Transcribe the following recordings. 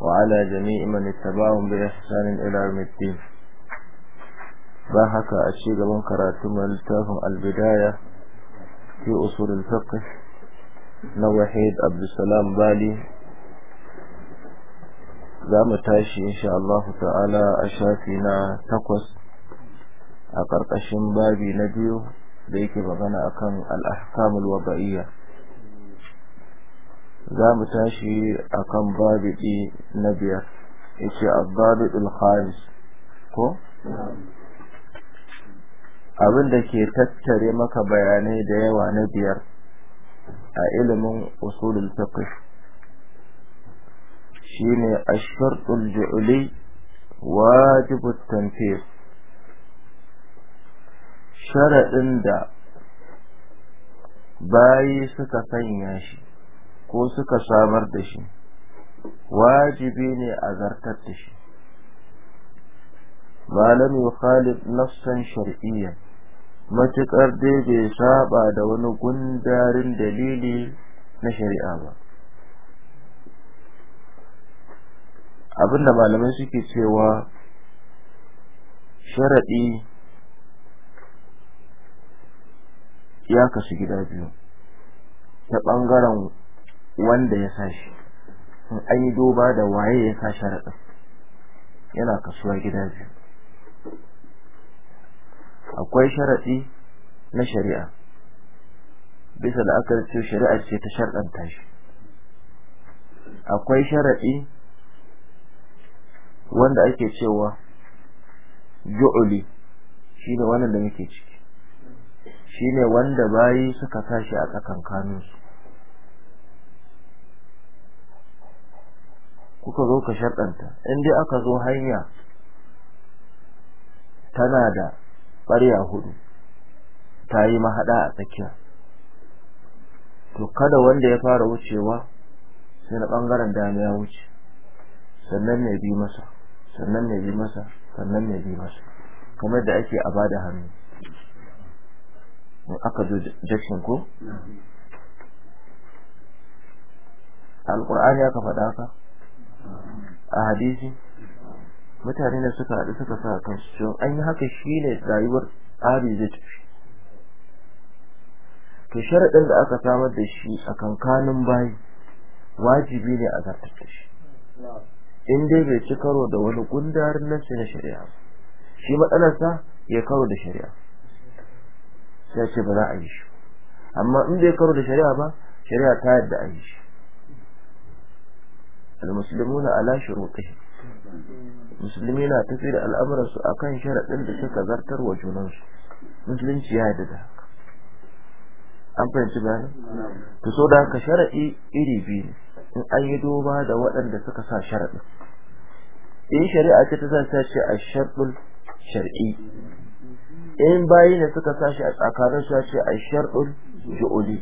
وعلى جميع من اتبعهم بإحسان إلى يوم الدين باهك أشيغ من كراتم التافم البداية في أصول الفقه نوحيد عبد السلام بالي زام تاشي إن شاء الله تعالى أشافينا تقوس أقرقشن بابي نبيه da yake magana akan al-ahkamul wada'iyya za mu tashi a kan babiɗi na biyar ya ce abbabiɗul ko? abin da ke tattare maka bayanai da yawa na biyar a ilimin usulul fiqh shine ash-shartul ju'li wajibut tanfir sharadin da bayi suka sanya shi ko suka samar da shi wajibi ne a zartar da shi malam khalid nassan shar'iyya matuƙar dai bai saba da wani gundarin dalili na shari'a ba abinda malamai suke cewa sharaɗi ya kasu gida biyu ta ɓangaren wanda ya sashi in an yi duba da waye ya sa sharaɗin yana kasuwa gida biyu akwai sharaɗi na shari'a bisa da aka ce shari'a ce ta sharɗanta shi akwai sharaɗi wanda ake cewa ju'uli shine wannan da muke ciki shine wanda bayi suka sashi a tsakan kuka zo ka sharɗanta in dai aka zo hanya tana da ɓarya hudu ta yi mahaɗa a tsakiya to kada wanda ya fara wucewa sai na ɓangaren dama ya wuce sannan mai bi masa sannan mai bi masa sannan mai bi masa kamar da ake a bada hannu in aka zo jashin ko alƙur'ani aka faɗa ka a hadisi mutane da suka haɗu suka sa kan su cewa an yi haka shi ne rayuwar tsari zai tafi to sharaɗin da aka samar da shi a kankanin bayi wajibi ne a zartace shi in dai bai ci karo da wani gundarin nan na shari'a shi matsalarsa ya karo da shari'a sai ce ba za a yi shi amma in bai karo da shari'a ba shari'a ta yadda a yi shi al-muslimuna ala shurutihim musulmi na tafi da al'amuransu a kan sharaɗin da suka zartar wa junansu musulunci ya yarda da an fahimci bayanin to so da haka sharaɗi iri biyu in an yi duba da waɗanda suka sa sharaɗin in shari'a ce ta sa ta ce a sharɗin shar'i in bayi ne suka sa a tsakanin su ce a sharɗin ju'uli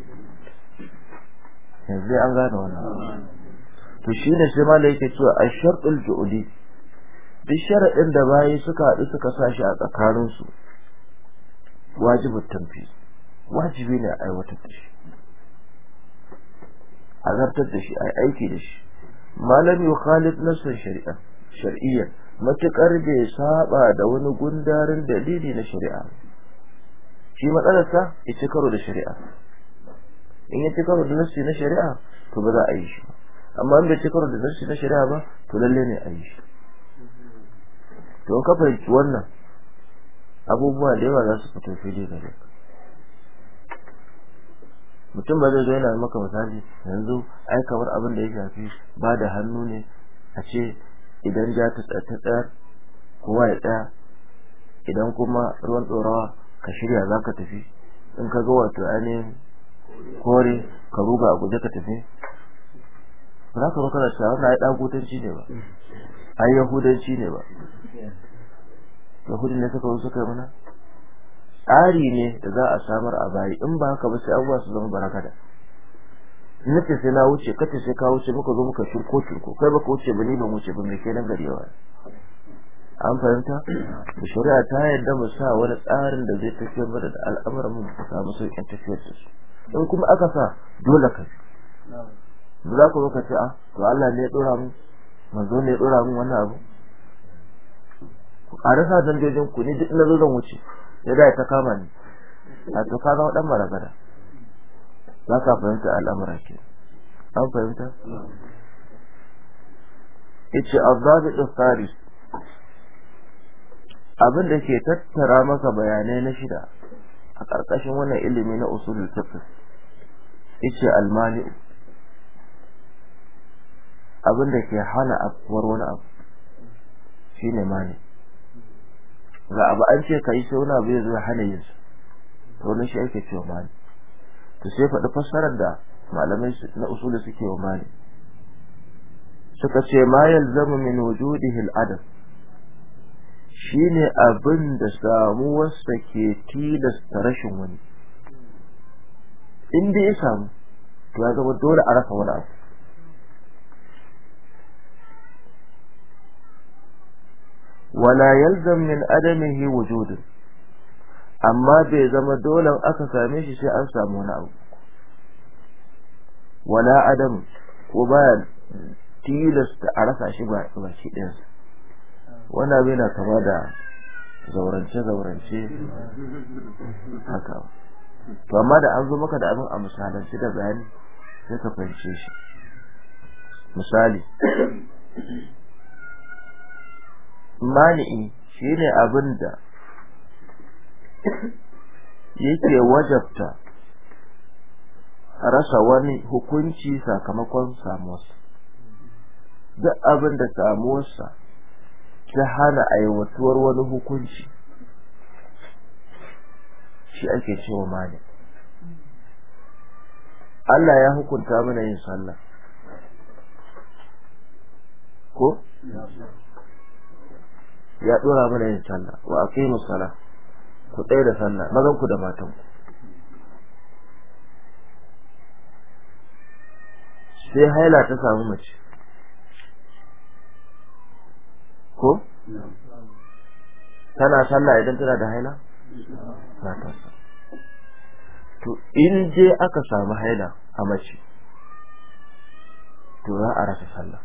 yanzu an gane wannan to shi ne sai malai yake cewa a sharɗul ju'udi duk sharaɗin da bayi suka haɗu suka sa shi a tsakaninsu wajibin tamfi wajibi ne a aiwatar da shi a zartar da shi a aiki da shi malam yu khalid nasan shari'a shar'iyya matukar bai saba da wani gundarin dalili na shari'a shi matsalarsa ya ci karo da shari'a in ya ci karo da nasu na shari'a to ba za a yi shi ba amma in bai cikar da zarci na shari'a ba to lalle ne a yi shi to in ka wannan abubuwa da yawa za su fito fili gare ka mutum ba zai zo yana maka misali yanzu ai kamar abin da ya shafi ba da hannu ne a ce idan ja ta tsaya kowa ya tsaya idan kuma ruwan tsorawa ka shirya za ka tafi in ka ga wato ainihin kore ka ruga a guje ka tafi ba za ka zo kana cewa wannan ai dagutanci ne ba a yahudanci ne ba yahudin da suka suka mana tsari ne da za a samar a bayi in ba haka ba sai abubuwa su zama barakada nace sai na wuce kace sai ka wuce muka zo muka shirko turko, kai baka wuce ba ni ban wuce ba me kenan gari yawa an fahimta da shari'a ta yarda mu sa wani tsarin da zai tafiyar mana da al'amuran mu ta samu sauƙin tafiyar da su in kuma aka sa dole ka ba za ku zo ka ce a ah, to Allah ne ya dora mu manzo ne ya dora mu wannan abu a rasa dangajin ku ne duk na zan wuce ya da ta kama ni a to ka zama dan maragara za ka fahimta al'amura ke an fahimta ice azabi tsari abin da ke tattara maka bayanai na shida a ƙarƙashin wannan ilimi na usulul fiqh ice al-mali'u abin da ke hana abuwar wani abu shi ne mani ga abu an ce ka yi sai wani abu ya zo hana yin su to wani shi ake cewa mani to sai faɗi fassarar da malamai na usuli suke wa mani suka ce ma yalzamu min wujudihi al'adam shi shine abin da samuwarsa ke tilasta rashin wani in dai ya samu to ya zama dole a rasa wani abu wala yalzam min adamihi wujudun amma bai zama dole aka same shi sai an samu wani abu wala adam ko baya tilasta a rasa shi ba shi ɗinsa wani abu yana kama da zaurance-zaurance haka to amma da an zo maka da abin a misalanci da bayani sai ka fahimce shi misali mani'i shine abin da yake wajabta rasa wani hukunci sakamakon samuwarsa duk abin da samuwarsa ta hana aiwatuwar wani hukunci shi ake cewa mani Allah ya hukunta mana yin sallah ko ya dora mana yin sallah wa aqimus salah ku tsaye da sallah mazan ku da matan ku sai haila ta samu mace ko tana sallah idan tana da haila ba ta to in je aka samu haila a mace to za a rasa sallah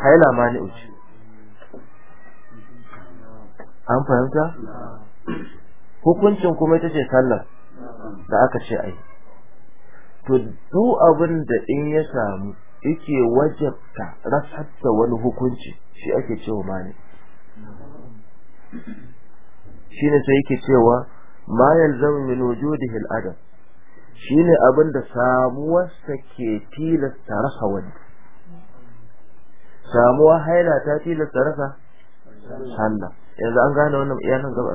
haila mani uci an fahimta hukuncin kuma ita ce sallar da aka ce ai to duk abin da in ya samu yake wajabta rasar da wani hukunci shi ake cewa mani ne sai yake cewa ma yalzamu min wujudihi hil'adar shi ne abin da samuwarsa ke tilasta rasa wani samuwa haila ta tilasta rasa sallah yanzu an gane wannan iyanan gaba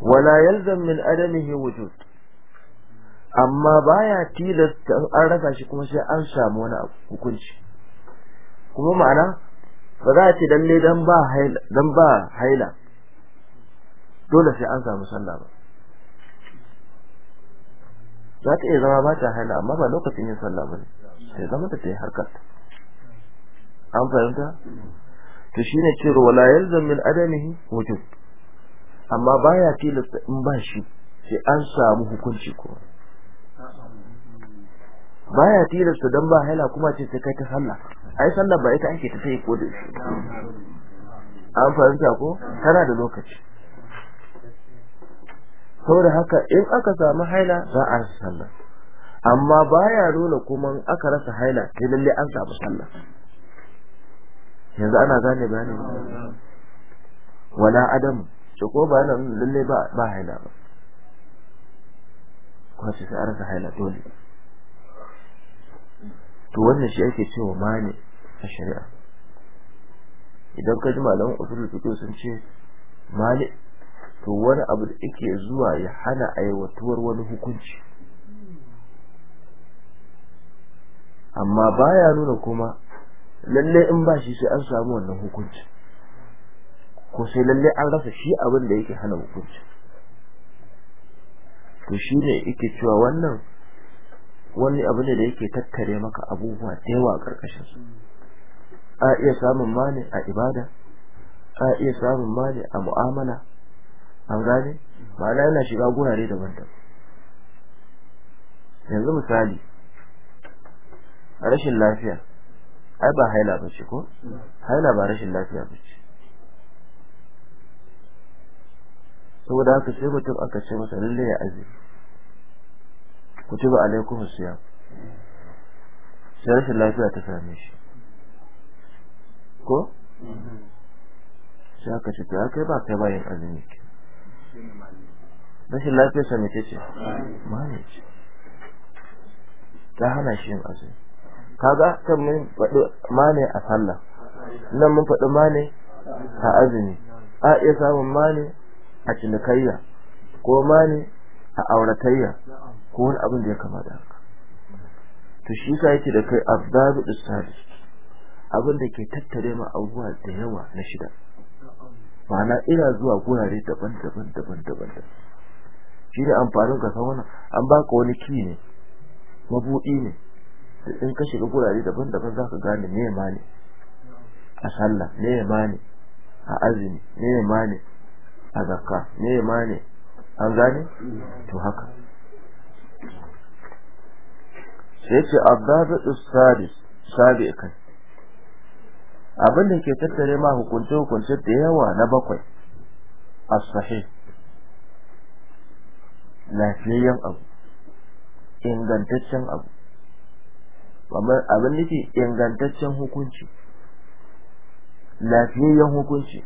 wala yalzam min adamihi wujud amma baya tilasta an rasa shi kuma sai an samu wani hukunci kuma ma'ana ba za a ce ne dan ba haila dan ba haila dole sai an samu sallah ba za ta iya zama ba ta haila amma ba lokacin yin sallah ba ne sai zama ta ta yi harkar an fahimta to shine cewa wala yalzam min adamihi wujub amma baya tilasta in ba shi sai an samu hukunci ko baya tilasta dan ba haila kuma ce sai kai ta sallah ai sallah ba ita ake ta tayi ko da shi an fahimta ko tana da lokaci saboda haka in aka samu haila za a sallah amma baya nuna kuma aka rasa haila sai lalle an samu sallah yanzu ana gane bayanin wala adam ce ko ba nan lalle ba ba haila ba ko shi sai arka haila dole to wannan shi ake cewa mani a shari'a idan ka ji malaman usulul fiqh sun ce mani to wani abu da yake zuwa ya hana aiwatuwar wani hukunci amma baya nuna kuma lalle in ba shi sai an samu wannan hukunci ko sai lalle an rasa shi abin da yake hana hukunci to shi ne yake cewa wannan wani abu ne da yake tattare maka abubuwa da yawa a su a iya samun mani a ibada a iya samun mani a mu'amala an gane ma'ana yana shiga gurare daban-daban yanzu misali rashin lafiya ai ba haila ba ce ko haila ba rashin lafiya ba ce saboda haka sai mutum aka ce masa lalle ya aji kutuba alaikum siyam sai rashin lafiya ta same shi ko sai aka ce to kai ba kai yin azumi rashin lafiya sa mece ce mane ce ta hana shi yin azumi kaga kan mun faɗi mane a sallah nan mun faɗi mane a azumi a iya samun mane a cinikayya ko mane a auratayya ko wani abin da ya kamata haka to shi ka yake da kai abdabi ustadi abin da ke tattare ma abubuwa da yawa na shida ma'ana ina zuwa gurare daban-daban daban-daban shi ne amfanin ka san wannan an baka wani ki ne mabuɗi ne in ka shiga gurare daban-daban za ka gane ne ma ne a sallah ne ma ne a azumi ne ma ne a zakka ne ma ne an gane to haka sai ce abdabi ustadi sabi kan abin da ke tattare ma hukunce hukunce da yawa na bakwai a sahi lafiyayyen abu ingantaccen abu abin da ke ingantaccen hukunci lafiyayyen hukunci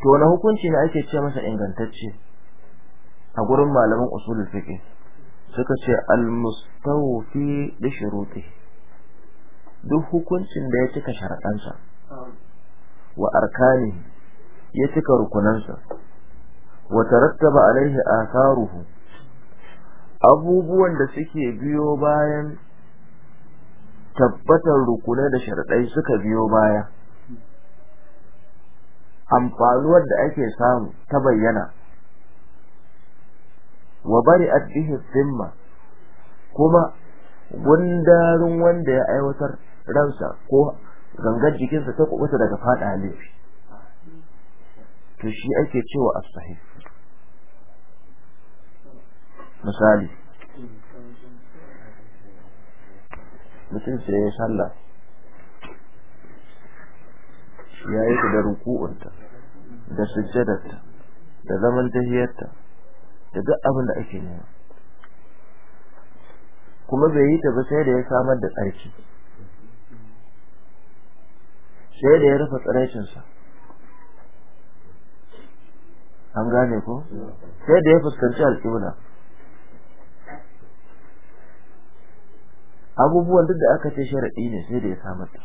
to na hukunci ne ake ce masa ingantacce a gurin malamin usulul fiqh suka ce al-mustawfi li shuruti duk hukuncin da ya cika sharaɗansa wa arkani ya cika rukunansa wa tarattaba alaihi atharuhu abubuwan da suke biyo bayan tabbatar rukunai da sharaɗai suka biyo baya amfanuwar da ake samu ta bayyana wa bari a simma kuma gundarin wanda ya aiwatar ransa ko gangar jikinsa ta kubuta daga faɗa laifi to shi ake cewa as misali mutum sai ya sallah ya yi da ruku'unta da sujjadarta da zaman tahiyarta da duk abin da ake nema kuma bai yi ta ba sai da ya samar da tsarki sai da ya rufe tsaraicinsa an gane ko sai da ya fuskanci alƙibla abubuwan duk da aka ce sharaɗi ne sai da ya samar da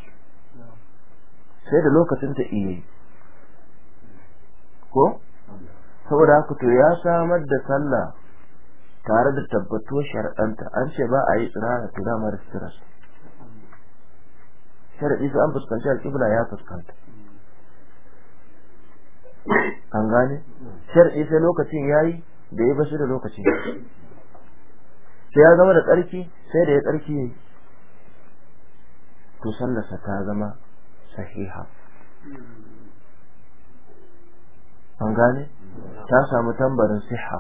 sai da lokacin ta iya yi ko saboda haka to ya samar da sallah tare da tabbatuwar shari'anta an ce ba a yi tsirara ta dama da tsirar shari'i su an fuskanci alƙibla ya fuskanta an gane shari'i sai lokacin ya yi da ya bashi da lokacin sai ya zama da tsarki sai da ya tsarki to sallarsa ta zama sahiha an gane ta samu tambarin siha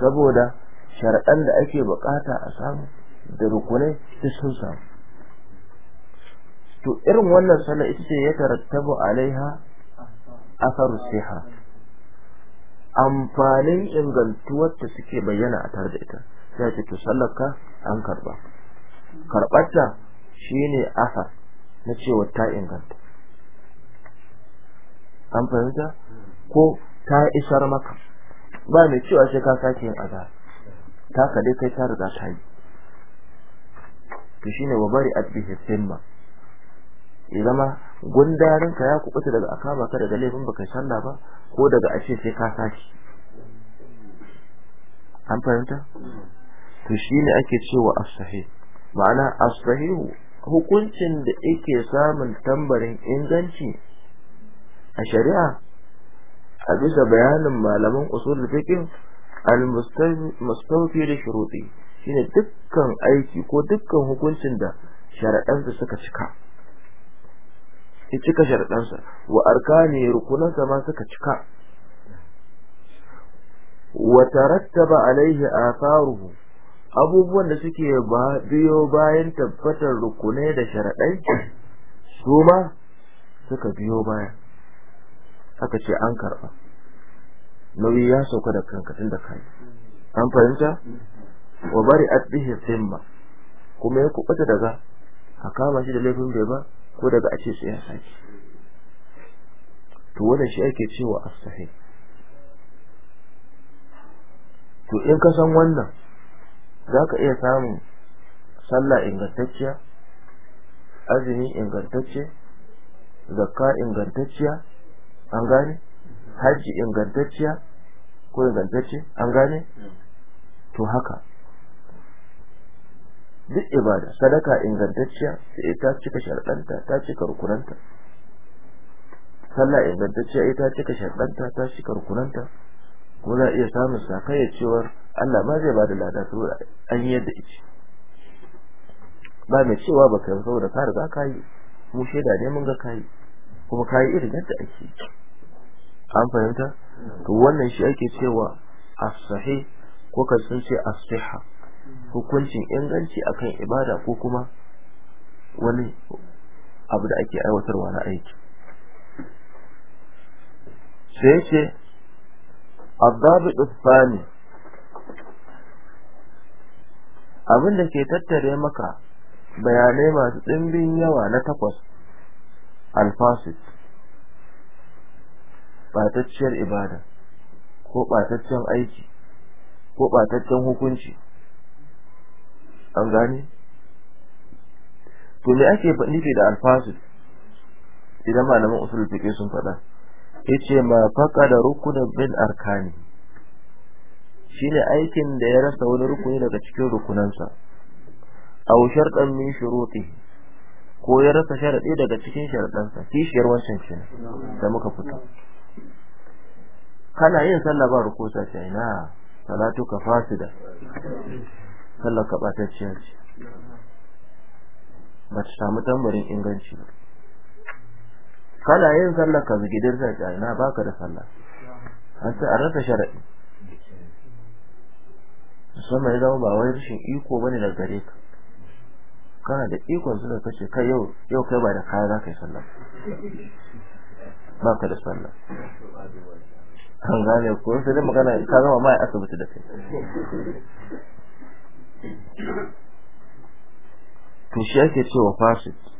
saboda sharaɗan da ake bukata a samu da rukunai su sun samu to irin wannan sana ita ce ya tarattabu alaiha asaru siha amfanin ingantuwar ta suke bayyana a tare da ita sai ce sallarka an karba karbarta shine afa na cewa ta inganta an fahimta ko ta isar maka ba mai cewa sai ka sake yin aza ta kade kai ta riga ta yi to shine wa bari at bihi simma ya zama gundarin ka ya kubuta daga akama ka daga laifin baka sallah ba ko daga ashe sai ka sake an fahimta to shine ake cewa as-sahih ma'ana as hukuncin da yake samun tambarin inganci a shari'a a bisa bayanin malaman usul fiqh al-mustawfi li shuruti shine dukkan aiki ko dukkan hukuncin da sharaɗansa suka cika ya cika sharaɗansa wa arkani rukunansa ma suka cika wa tarattaba alaihi atharuhu abubuwan da suke biyo bayan tabbatar rukunai da sharaɗai su ma suka biyo baya aka ce an karɓa nauyi ya sauka da kanka da kai an fahimta wa bari a tsihe simma kuma ya kubata daga a kama shi da laifin bai ba ko daga a ce su ya saki to wannan shi ake cewa as to in ka san wannan za ka iya samun sallah ingantacciya azumi ingantacce zakka ingantacciya an gane hajji ingantacciya ko ingantacce an gane to haka duk ibada sadaka ingantacciya sai ta cika sharɗanta ta cika rukunanta sallah ingantacciya ita cika sharɗanta ta cika rukunanta ko za iya samun sakayya cewa Allah ma zai bada lada saboda an yi yadda ice ba mai cewa ba kai saboda ka riga ka yi mu shaida ne mun ga ka yi kuma ka irin yadda ake an fahimta to wannan shi ake cewa as sahi ko kan sun ce as-sihha hukuncin inganci akan ibada ko kuma wani abu da ake aiwatarwa na aiki sai ce الضابط الثاني abin da ke tattare maka bayanai masu ɗimbin yawa na takwas alfasit ɓatacciyar ibada ko ɓataccen aiki ko ɓataccen hukunci an gane to me ake nufi da alfasit idan malaman usul fiqh sun faɗa yace ma da rukunan min arkani shine aikin da ya rasa wani rukuni daga cikin rukunansa aw shartan min shurutihi ko ya rasa sharadi daga cikin sharadansa kishiyar wancan shi da muka fito kana yin sallah ba ruku sai salatu ka fasida sallah ka batacciya ce ba ta samu tambarin inganci ba kana yin sallar ka zigidin da ta ina baka da sallah an ta arata shar'i sharadi musamman ya zama ba wai rashin iko bane da gare ka kana da ikon da kace kai yau yau kai ba da kaya za ka yi sallah baka da sallah an gane ko sai dai magana ka zama mai asibiti da kai to shi ake cewa fasit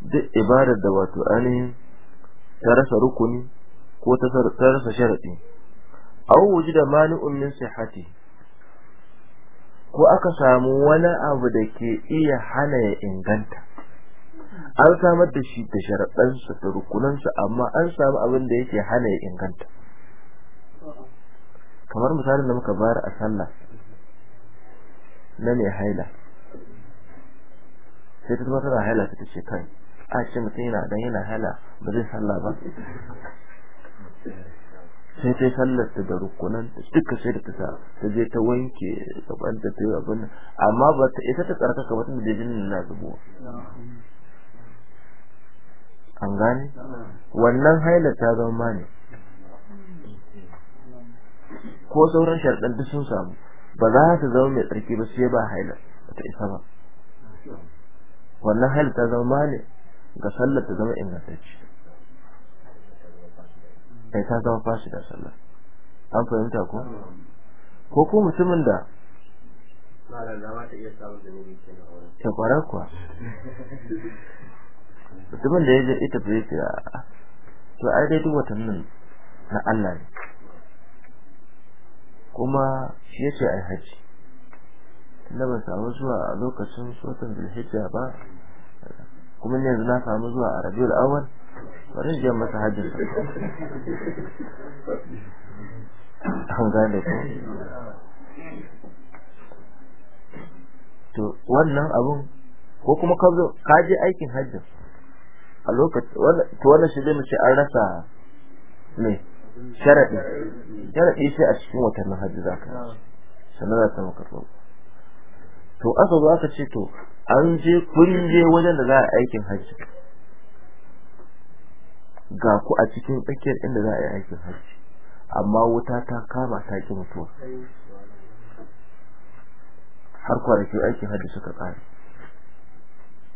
duk ibadar da wato ainihin ta rasa rukuni ko ta rasa sharaɗi aw wujida mani'un min sihhati ko aka samu wani abu da ke iya hana ya inganta an samar da shi da sharaɗansa da rukunansa amma an samu abin da yake hana ya inganta kamar misalin da muka bayar a sallah na mai haila sai ta zama tana haila ta ce kai a ce mutum yana dan yana hala ba zai sallah ba sai ta sallar ta da rukunan ta duka sai da ta sa ta je ta wanke gaban ta ta yi abin amma ba ta isa ta tsarkaka ba tunda jinin na zubo an gane wannan haila ta zama ne ko sauran sharɗan duk sun samu ba za ta zama mai tsarki ba sai ba haila ba ta isa ba wannan haila ta zama ne ga sallar ta zama ingantacce sai ta zama fashi da sallar an fahimta ko ko ko mutumin da ta kuwa mutumin da ya je ita bai fiya to ai dai duk watannin na Allah ne kuma shi yace ai haji Na ban samu zuwa a lokacin sotan zulhijja ba kuma ne yanzu na samu zuwa a rabiul awal bari jiyan masa hajjin an gane ku to wannan abun ko kuma ka zo ka je aikin hajji a lokacin to wannan shi zai mu an rasa ne sharaɗi sharaɗi sai a cikin watannin hajji za ka sannan za ta maka to aka zo aka ce to an je kun je wajen da za a aikin hajji ga ku a cikin tsakiyar inda za a yi aikin hajji amma wuta ta kama ta ki mutuwa har kwanaki aikin hajji suka kare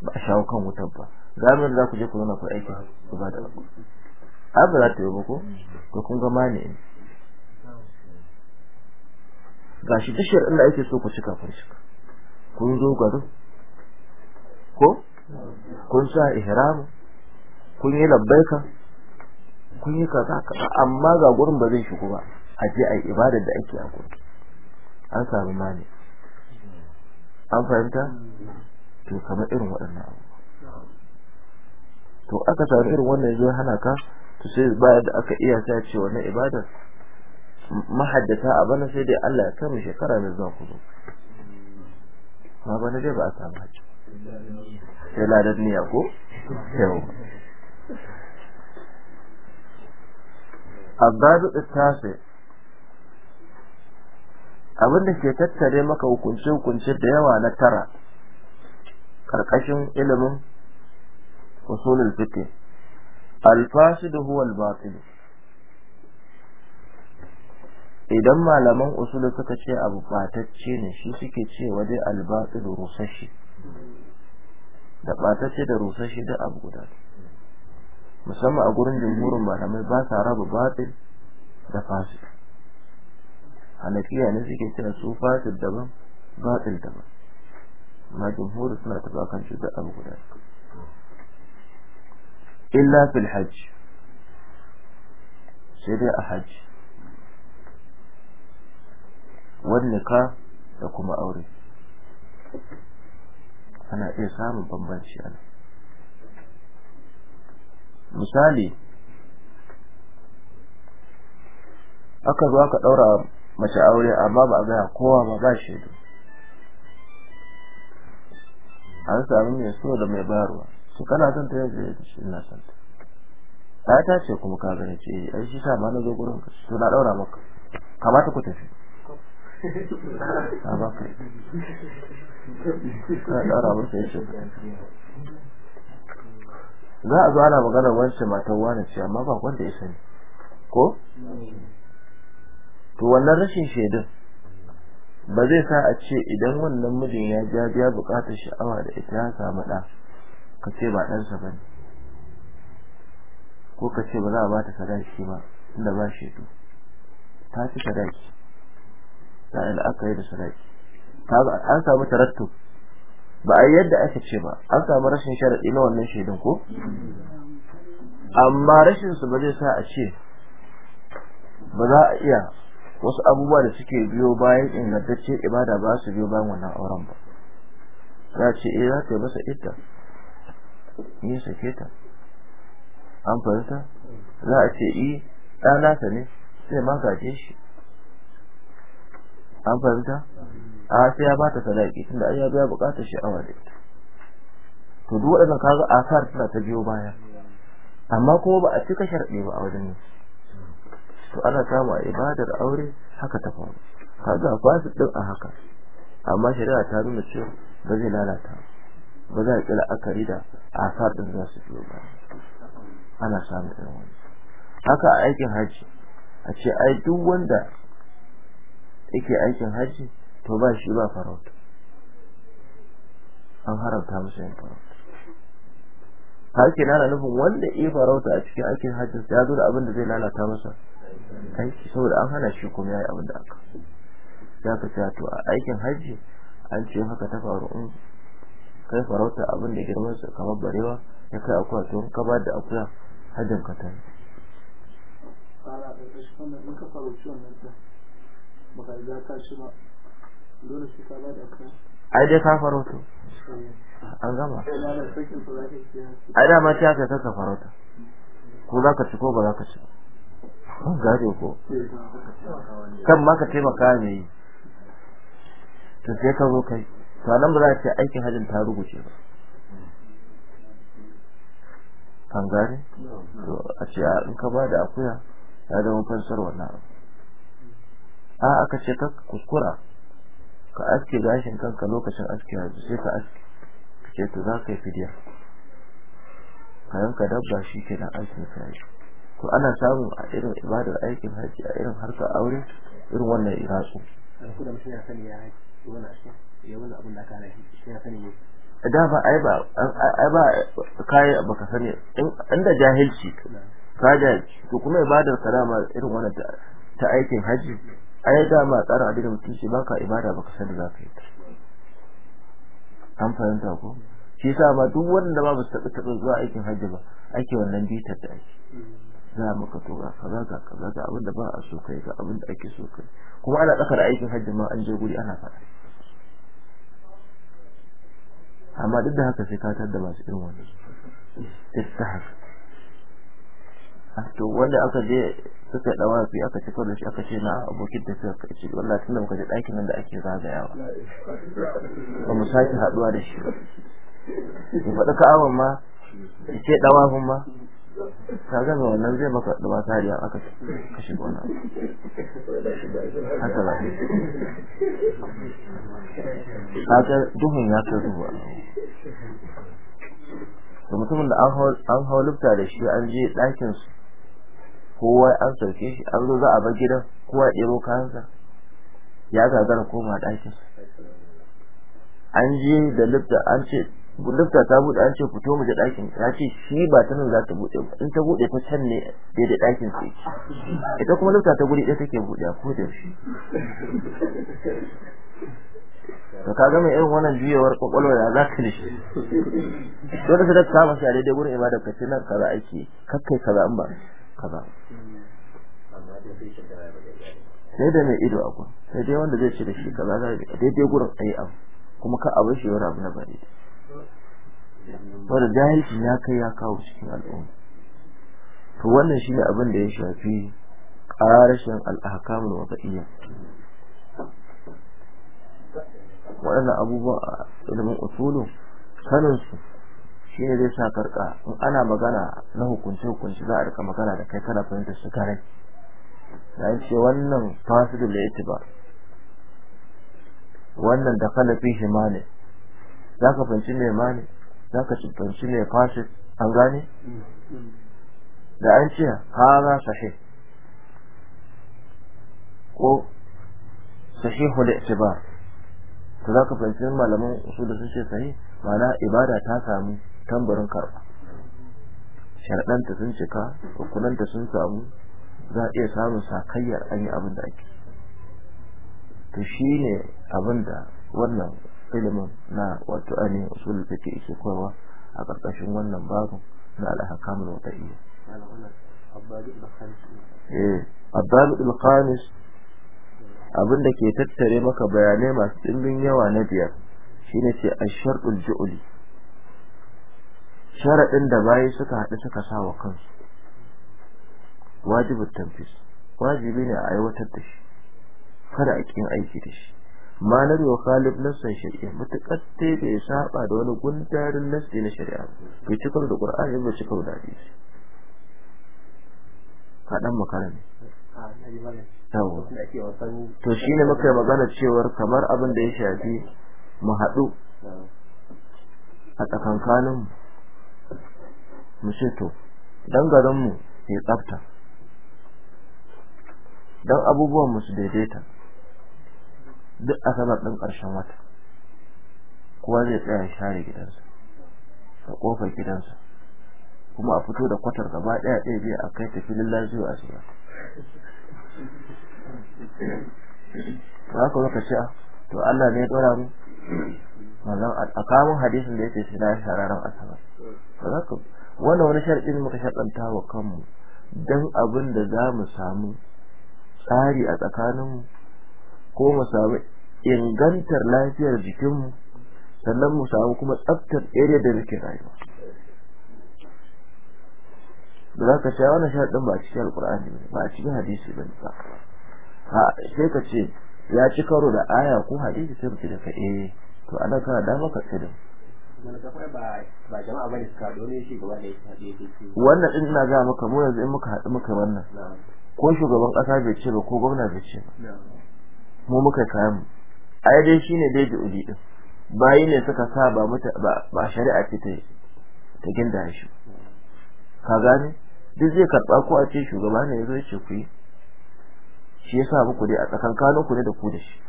ba a shawo kan wutar ba zamin za ku je ku zama ku aikin ku ba da ba ai ba za ta yi ba ko kun ga mani ne gashi tashar inda ake so ku cika kun cika kun zo garin ko kun sa ihram kun yi labbaika kun yi kaza kaza amma ga gurin ba zai shigo ba a je ai ibadar da ake a gurin an samu mani an fahimta to kamar irin waɗannan abu to aka samu irin wannan zai hana ka to sai bayan da aka iya ta ce wannan ibadar mahaddata a bana sai dai Allah ya kama shekara mai zuwa ku zo ba bana dai ba a samu hajji sai ladar niyya ko yau abadu tasi abinda ke tattare maka hukunce hukunce da yawa na tara karkashin ilimin usulul fiqh al-fasid huwa al-batil idan malaman usulu suka ce abu batacce ne shi suke cewa dai al rusashe. da ɓatacce da rusashe da abu guda musamman a gurin jimurin malamai ba sa raba batin da fasid hanafiya ne suke cewa su fasid daban batin daban amma jimurin suna tafi kan shi da abu guda illa fil hajj sai dai a hajj wani ka da kuma aure ana iya samun bambanci a misali aka zo aka ɗaura mace aure amma ba a gaya kowa ba ba shaidu an sami mai so da mai bayarwa su kana son ta yanzu ya eh, shi ina son ta ta ce kuma ka gane ce eh, ai shi sa ma na zo gurin ka to na ɗaura maka kamata ku tafi a ah, a ah, ƙara masa ya za a zo ana magana wancan matan wane ce amma ba wanda ya sani ko to wannan rashin shaidun ba zai sa a ce idan wannan mijin ya ja biya bukatar sha'awa da ita ya samu ɗa ka ce ba ɗansa ba ne ko ka ce ba za a ba ta sadaki ba inda ba shaidu ta ci sadaki aka yi da rai an samu tarattu ba a yadda aka ce ba an samu rashin sharaɗi na wannan shaidun ko amma rashin su ba zai sa a ce ba za a iya wasu abubuwa da suke biyo bayan ingantacciyar ibada ba su biyo bayan wannan auren ba za a ce eh za ta yi masa ita ni sake ta an fahimta za a ce ɗana ɗanasa ne sai ma gaje shi an fahimta a sai ya ba ta sadaki tunda ai ya biya bukatar sha'awa da ita to duk waɗannan kaga asar suna ta biyo baya amma kuma ba a cika sharɗi ba a wajen nan to ana samu a ibadar aure haka ta faru kaga fasu din a haka amma shari'a ta nuna cewa ba zai lalata ba za a ƙi la'akari da asar din za su biyo baya ana samun irin wani haka a aikin hajji a ce ai duk wanda yake aikin hajji to ba shi ba farauta an haramta masa yin farauta har ke nana nufin wanda iya farauta a cikin aikin hajji ya zo da abin da zai lalata masa aiki saboda an hana shi kuma ya yi abin da aka ya ka cewa to a aikin hajji an ce haka ta faru in kai farauta abin da girman su kamar barewa ya kai akuya to in ka ba da akuya hajjin ka ta yi ka ai dai ka farauta eh. an gama ai da ma ta ka ka farauta ko za ka ci ko ba za ka ci ba ko eh, kan ma ka taimaka ne to sai ka zo kai to nan ba za ka ce aikin hajjin ta rubuce ba kan gane to a ce in ka ba da akuya ya zama fansar wannan abu a aka ce ta kuskura ka aske gashin kanka lokacin aske yanzu sai ka aske ka ce to za ka yi fidiya ka yanka dabba shi ke nan aikin sa yi to ana samun a irin ibadar aikin haji a irin harkar aure irin wannan iratsu da ba ai ba ai ba kai baka sani inda jahilci ka jahilci to kuma ibadar karama irin wannan ta aikin haji ai da ma tsara addinin mutunci baka ibada baka san da zaka yi an fahimta ko shi yasa ma duk wanda ba su taɓa taɓa zuwa aikin hajji ba ake wannan bitar da ake za mu ka tura kaza ga kaza ga abin da ba a so kai ga abin da ake so kai kuma ana tsakar aikin hajji ma an je guri ana faɗa amma duk da haka sai ka da masu irin wannan haka to wanda aka je suka yi yi aka ci da shi aka ce na abokin tafiya ka ce wallah tunda muka ji ɗakin nan da ake zagayawa ba mu sake haɗuwa da shi ba ya faɗi ka'awan ma ya ce dawafin ma ka zama wannan zai maka da tari a aka kashe gona haka ba kaga duhun ya ta zuwa. da mutumin da an hau lufta da shi an je ɗakinsu. kowa an sauke shi an zo za a bar gidan kowa ya ɗebo kayansa ya gagara koma ɗakin an je da lifta an ce lifta ta buɗe an ce fito mu je ɗakin ya ce shi ba ta nan za ta buɗe in ta buɗe ta can ne daidai ɗakin su ita kuma lifta ta guri ɗaya take buɗe ko da shi to ka gama irin wannan juyawar kwakwalwa ya za ka nishi dole sai da samu shi a daidai gurin ibada ka ce nan kaza ake kakkai kaza an ba sai da mai ido akwai sai dai wanda zai ce da shi kaza za a daidai gurin ayi abu kuma ka abu shi wani abu na bari wanda jahilci ya kai ya kawo cikin al'umma to wannan shi ne abin da ya shafi ƙarashin al'ahakamun iya. waɗannan abubuwa a ilimin usulun sanin shi ne zai sa karka in ana magana na hukunci hukunci za a rika magana da kai kana fahimtar shi kare da ya ce wannan fasidu da yake ba wannan da fi shi ma ne za ka fahimci mai ma ne za ka fahimci mai fasid an gane da an ce hara sahih ko sahihu da ba to za ka fahimci malaman su da sun ce sahi ma'ana ibada ta samu tambarin karba sharaɗanta sun cika hukunanta sun samu za a iya samun sakayyar an yi abin da ake to shi ne abin da wannan ilimin na wato ainihin usul da ke ike kowa a ƙarƙashin wannan babu na alhakamun wata iya eh, abdalu ilkanis abin da ke tattare maka bayanai masu ɗimbin yawa na biyar shine ce a sharɗul ju'uli sharaɗin da bayi suka haɗu suka sa wa kansu wajibin tamfis wajibi ne a aiwatar da shi kada a ƙin aiki da shi malar wa khalif nassan shari'a matuƙar ta bai saba da wani gundarin nasi na shari'a bai cikar da ƙur'ani bai cikar da hadisi kaɗan makara ne to shi ne muka magana cewar kamar abin da ya shafi mu haɗu a tsakankaninmu mu ce to dan garin mu ya tsafta dan abubuwan mu su daidaita duk asabar ɗin karshen wata kowa zai tsaya share gidansa da kofar gidansa kuma a fito da kwatar gaba daya daya biya a kai tafi lillahi zuwa asuba za ka zo ka ce ah, to Allah ne ya dora mu manzon a kamun hadisin da yake shi na shararan asabar ba za ka wannan wani sharadi ne muka shaɗanta wa kanmu don abin da za mu samu tsari a tsakaninmu ko mu samu ingantar lafiyar jikinmu sannan mu samu kuma tsaftar area da muke rayuwa da za ka sha wani sharɗin ba a cikin alkur'ani ba a cikin hadisi ba ne ba sai ka ce ya ci karo da aya ko hadisi sai mutu da ka eh to ana kana damar ka tsirin wannan din ina ga maka mu yanzu in muka haɗu muka wannan ko shugaban ƙasa bai ce ba ko gwamna bai ce ba mu muka kayan ai dai shine dai da udi din bayi ne suka sa ba ba shari'a ce ta ta ginda shi ka gane duk zai karɓa ko a ce shugaba ne ya zo ya ce ku yi shi yasa muku dai a ku ne da ku da shi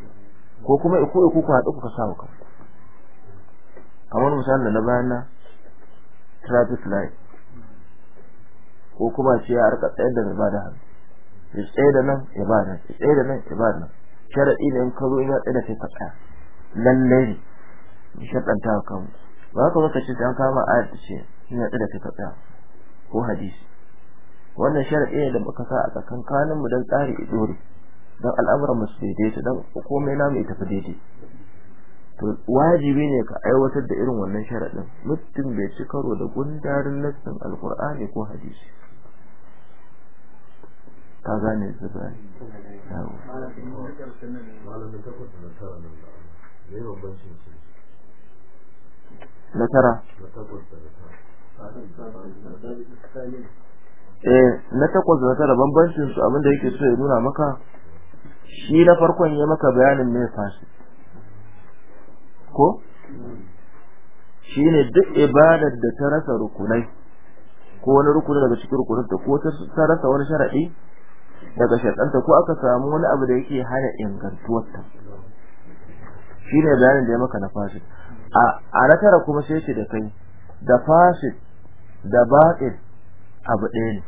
ko kuma iko iku ku haɗu kuka sa wa kanku kamar misali da na bayana na traffic light ko kuma ce ya rika tsaye da mai ba da hannu ya tsaye da nan ya ba nan ya tsaye da nan ya ba nan sharaɗi da in ka zo ina tsaye da kai ka tsaya lallai ne ya shaɗanta wa kanmu ba ka maka ce an kama a yadda ce ina tsaye da kai ka tsaya ko hadisi wannan sharaɗi ne da muka sa a tsakankaninmu don tsari idori don al'amuran mu su daidaita don komai namu ya tafi daidai to wajibi ne ka aiwatar da irin wannan sharadin mutum bai ci karo da gundarin nassin alqur'ani ko hadisi ka gane su ba na tara eh na takwas da tara bambancin su abinda yake so ya nuna maka shi na farkon ya maka bayanin me fashi ko shine duk ibadar da ta rasa rukunai ko wani rukuni daga cikin rukunanta ko ta rasa wani sharadi daga ta, ko aka samu wani abu da yake hana ingantuwarta shi ne bayanin da ya maka na fasid a na tara kuma sai ce da kai da fasid da batil abu ɗaya ne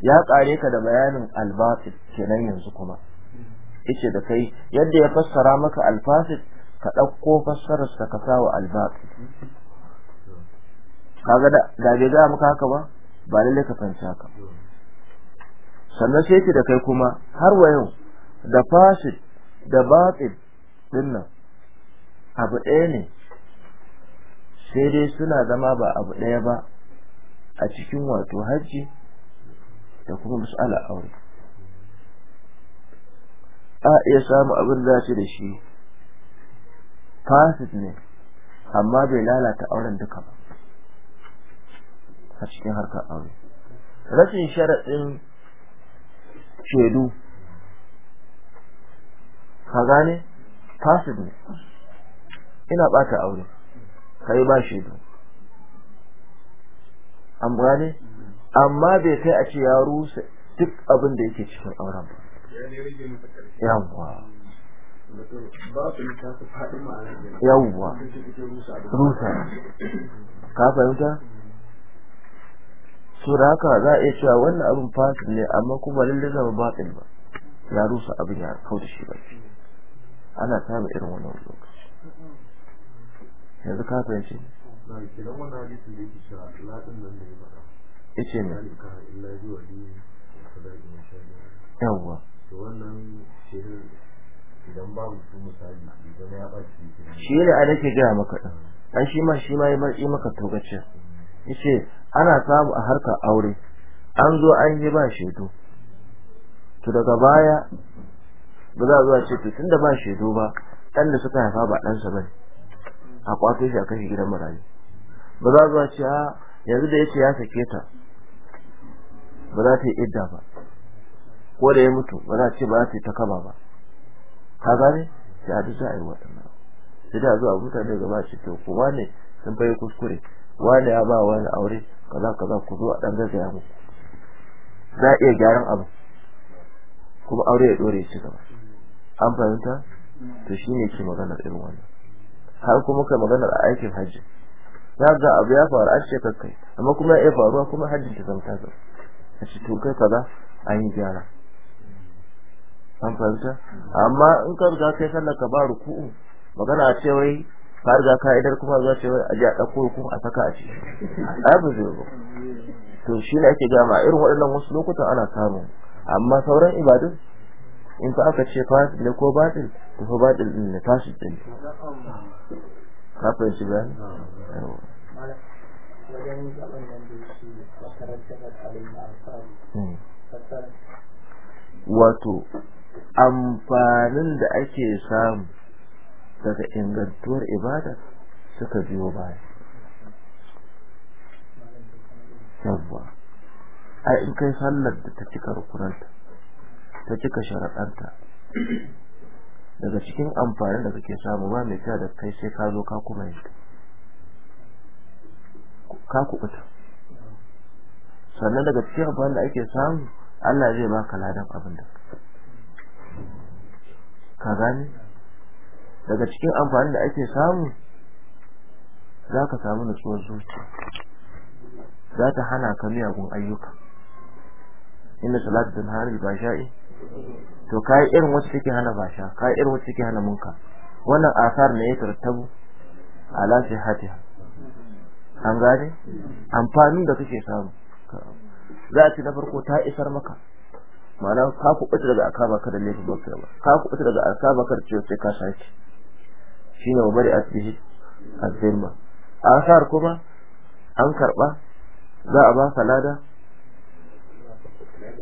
ya ƙare ka da bayanin albatil kenan yanzu kuma ice da kai yadda ya fassara maka alfasid ka ɗauko fassarar sa ka wa albaqi kaga da da bai ga maka haka ba ba lalle ka fahimci haka sannan sai ki da kai kuma har wa yau da fasid da batil dinnan abu ɗaya ne sai dai suna zama ba abu ɗaya ba a cikin wato hajji da kuma mas'ala aure a iya samu abin da da shi fasid ne amma bai lalata auren duka ba a cikin harkar aure rashin sharaɗin shaidu ka gane fasid ne ina ɓata aure kai ba shaidu an gane amma bai kai a ce ya rusa duk abin da yake cikin auren ba yawwa yawwa rusa ka fahimta su da haka za a iya cewa wannan abin fasil ne amma kuma lalle zama batin ba ya rusa abin ya kau da shi ba ana samun irin wannan lokaci yanzu ka fahimci ice ne yawwa idan babu su misali idan ya bace shi ne a nake ga maka dan an shi ma shi ma ya barci maka togacin yace ana samu a harka aure an zo an yi ba shedo to daga baya ba za a zuwa ce to tunda ba shedo ba dan da suka haifa ba dan sa bane a kwato shi a kashe gidan marayu ba za a zuwa ce a yanzu da yace ya sake ta ba za ta yi idda ba ko da ya mutu ba za a ce ba za ta yi takaba ba ka gane ya da za a yi waɗannan sai da zuwa mutane gaba shi to ko wane sun bai kuskure wane ya ba wani aure kaza kaza ku zo a ɗan ya muku za a iya gyaran abu kuma aure ya dore ci gaba an fahimta to shi ne ke maganar irin wannan har kuma kai maganar a aikin hajji ya ga abu ya faru a ce kai amma kuma ya faruwa kuma hajji ta zama ta zama a cikin kai kaza an yi gyara an fahimta amma in ka riga kai sallar ka ba ruku'u magana a ce wai ka riga ka idar kuma za ce wai a ji a ɗauko kuma a saka a ce ai ba zai ba to shi ne ake gama irin waɗannan wasu lokutan ana samu amma sauran ibadun in ka aka ce fasil ne ko batil to fa batil din ne fasil din ka fahimci ba alfahari hmm. wato amfanin da ake samu daga ingantuwar ibada suka biyo baya yawwa ai in kai sallar da ta cika rukunanta ta cika sharaɗanta daga cikin amfanin da kake samu ba mai da kai sai ka zo ka kuma yi ka sannan daga cikin amfanin da ake samu Allah zai baka ladan abin da ka gane daga cikin amfani da ake samu za ka samu tsohon zuciya za ta hana ka miyagun ayyuka inda salatu don hari ba sha'i to kayi irin wacce suke hana ba sha kayi irin wacce suke hana munka wannan asar ne ya tartabu lafi sihatiha an gane amfanin da kake samu za a ci na farko ta isar maka ma'ana ka ku bace daga akaba ka da ne ba baka ba ka ku bace daga akaba ka ce sai ka sake shi ne wa bari a cikin azirma a asar kuma an karba za a ba salada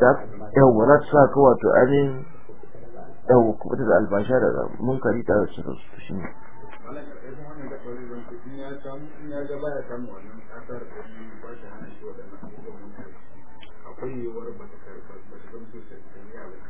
da yawwa na sa ka wato ainihin ku bace da albasha da mun kari ta da cikin su shi ne akwai yiwuwar ba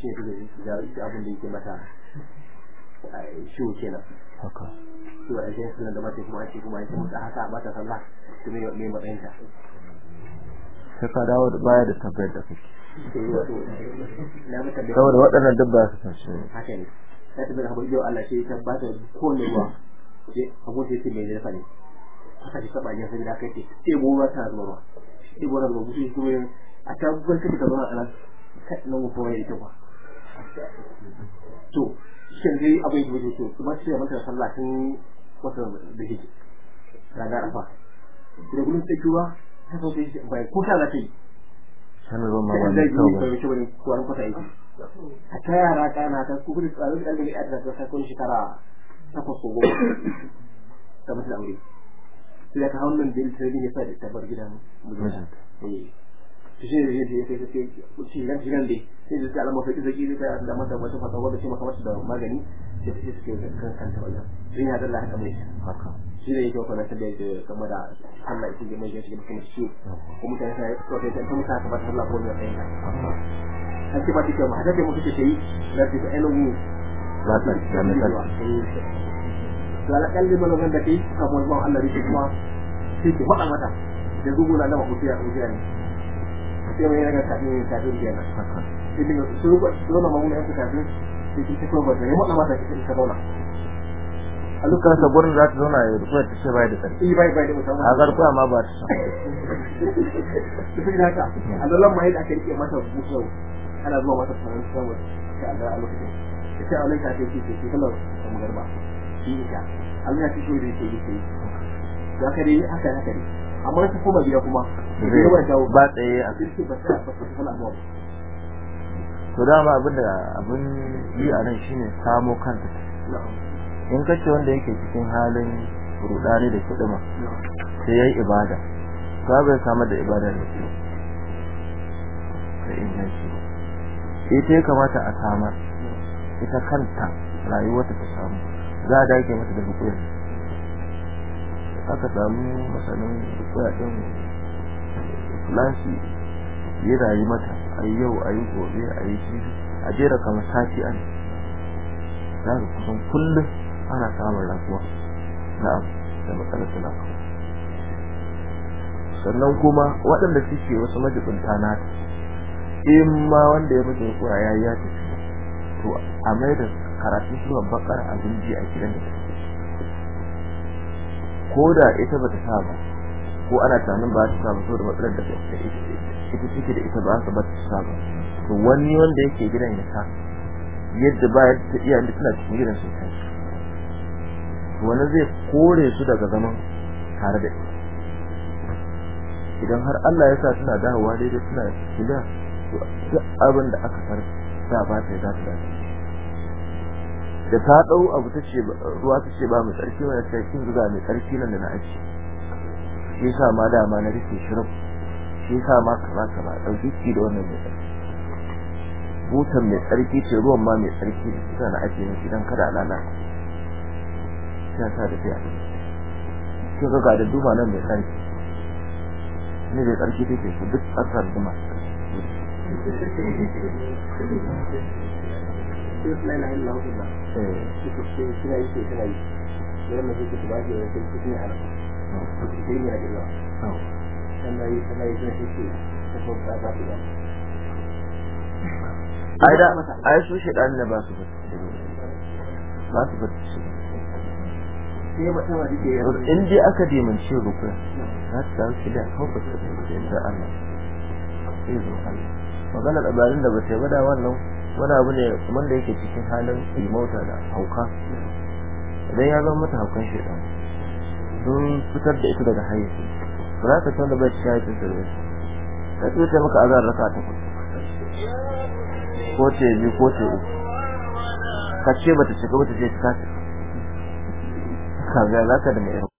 shi ne da shi abin da yake mata shi kenan haka to a cikin sunan da mace kuma ake kuma ake mutu haka ba ta sallah to me me matsayin ta sai ka dawo da baya da tabbayar da kake saboda waɗannan dabba su tashi haka ne sai ta bada yau Allah sai ta bata kowane ruwa je abu da yake mai zafa ne haka shi saba ya sai da kai ce sai mu ba ta zuwa ruwa sai mu ba ta zuwa kuma a tabbatar da ba a nan kai na mu koyi ita ba to shin dai abin da yake so kuma sai mata sallah tun wata da hiji ranar afa da gudun tsakiwa ta so ko ta yi ma wani kawai a ta yara kana ta kuku da tsarin da ta shekara takwas ko goma ta mutu da aure sai hannun da ya sa da bar gidan mijinta eh. shi ne yadda ya kai sai ci nan ci nan dai sai da alama sai zaki zai ta da mata wata fata wanda ce maka mata da magani da sai suke kan kanta wannan sai ya dalla haka mai haka shi ne yake wannan tabbata da kamar da Allah yake ga mai yake da kuma shi ko mutane sai ko sai ta musa ka bata Allah ko ne sai ka sai ba take ma hada da mutum take yi da take ilimu ba ta da misali to alakalli malamin da kai kamar ba Allah yake kuma sai ke faɗa mata da dubula da mahusiya ne sai mai yana kafin kafin kenan idan su su na mamuna yanka kafin sai ki ko ba da mu na mata ki ta zauna a lokacin da gurin za ta zauna ya ta ce bai da sarki eh bai bai da musamman a garkuwa ma ba ta san sai da ka a lallan mai da aka rike mata buso ana zuwa mata faransa saboda a lokacin ita a lokacin take ce ki kallon mu garba shi ka Allah ya ci shi da yake yi da amma su kuma biya kuma ba tsaye a cikin ba ta abuwa to dama abin da abin yi a nan shine samo kanta in kace wanda yake cikin halin rudani da kudima sai yayi ibada ka bai samar da ibada ne sai in shi ita ya kamata a samar ita kanta rayuwarta ta samu za a dake mata da hukunci aka samu masanin kudaden lafi ya rayu mata a yau a yi gobe a yi shi a jera kama sati an za ka kusan kullum ana samun rakuwa na abu da matsalar sannan kuma waɗanda suke wasu majibinta na in ma wanda ya mutu ya kura ya yi ya tafi to a mai da karatun suwan bakar abin ji a gidan da ta ko da ita bata sa ba ko ana tunanin ba ta sa ba saboda matsalar da ita ciki da ita ba ta ba ta sa ba to wani wanda yake gidan ya sa yadda ba ya ta iya tana cikin gidan sosai wani zai kore su daga zaman tare da ita idan har Allah ya sa suna dawowa daidai suna gida to duk abin da aka ba ta za ta dace da ta dau abu ta ce ruwa ta ce ba mu tsarki wanda ta kin zuga mai tsarki nan da na aji shi sa ma da ma na rike shirab shi sa ma kaza kaza dauki ki da wannan ne butan mai tsarki ce ruwan ma mai tsarki ne sai na aje ne idan kada lala ya sa da fiya ki ga da duba nan mai tsarki ne da tsarki take su duk tsakar duma sai su yana yin lahudin ba yi suna yi ba shi sai ke yi yi suna shi ta kuma ba ba ba su shi ba su ba ba su ba su a in dai aka dimance rukun za su samu shi da su da Allah sai zo Allah da ba ta yi ba wannan wani abu ne wanda yake cikin halin imauta da hauka idan ya zama mata haukan shaidan sun fitar da ita daga hayyaci ba za ta san da bai ci ta sa zai ta ce ta maka azar raka ta ko ce biyu ko ce uku ka ce bata shiga bata ce ta ce ka ga za ka da mai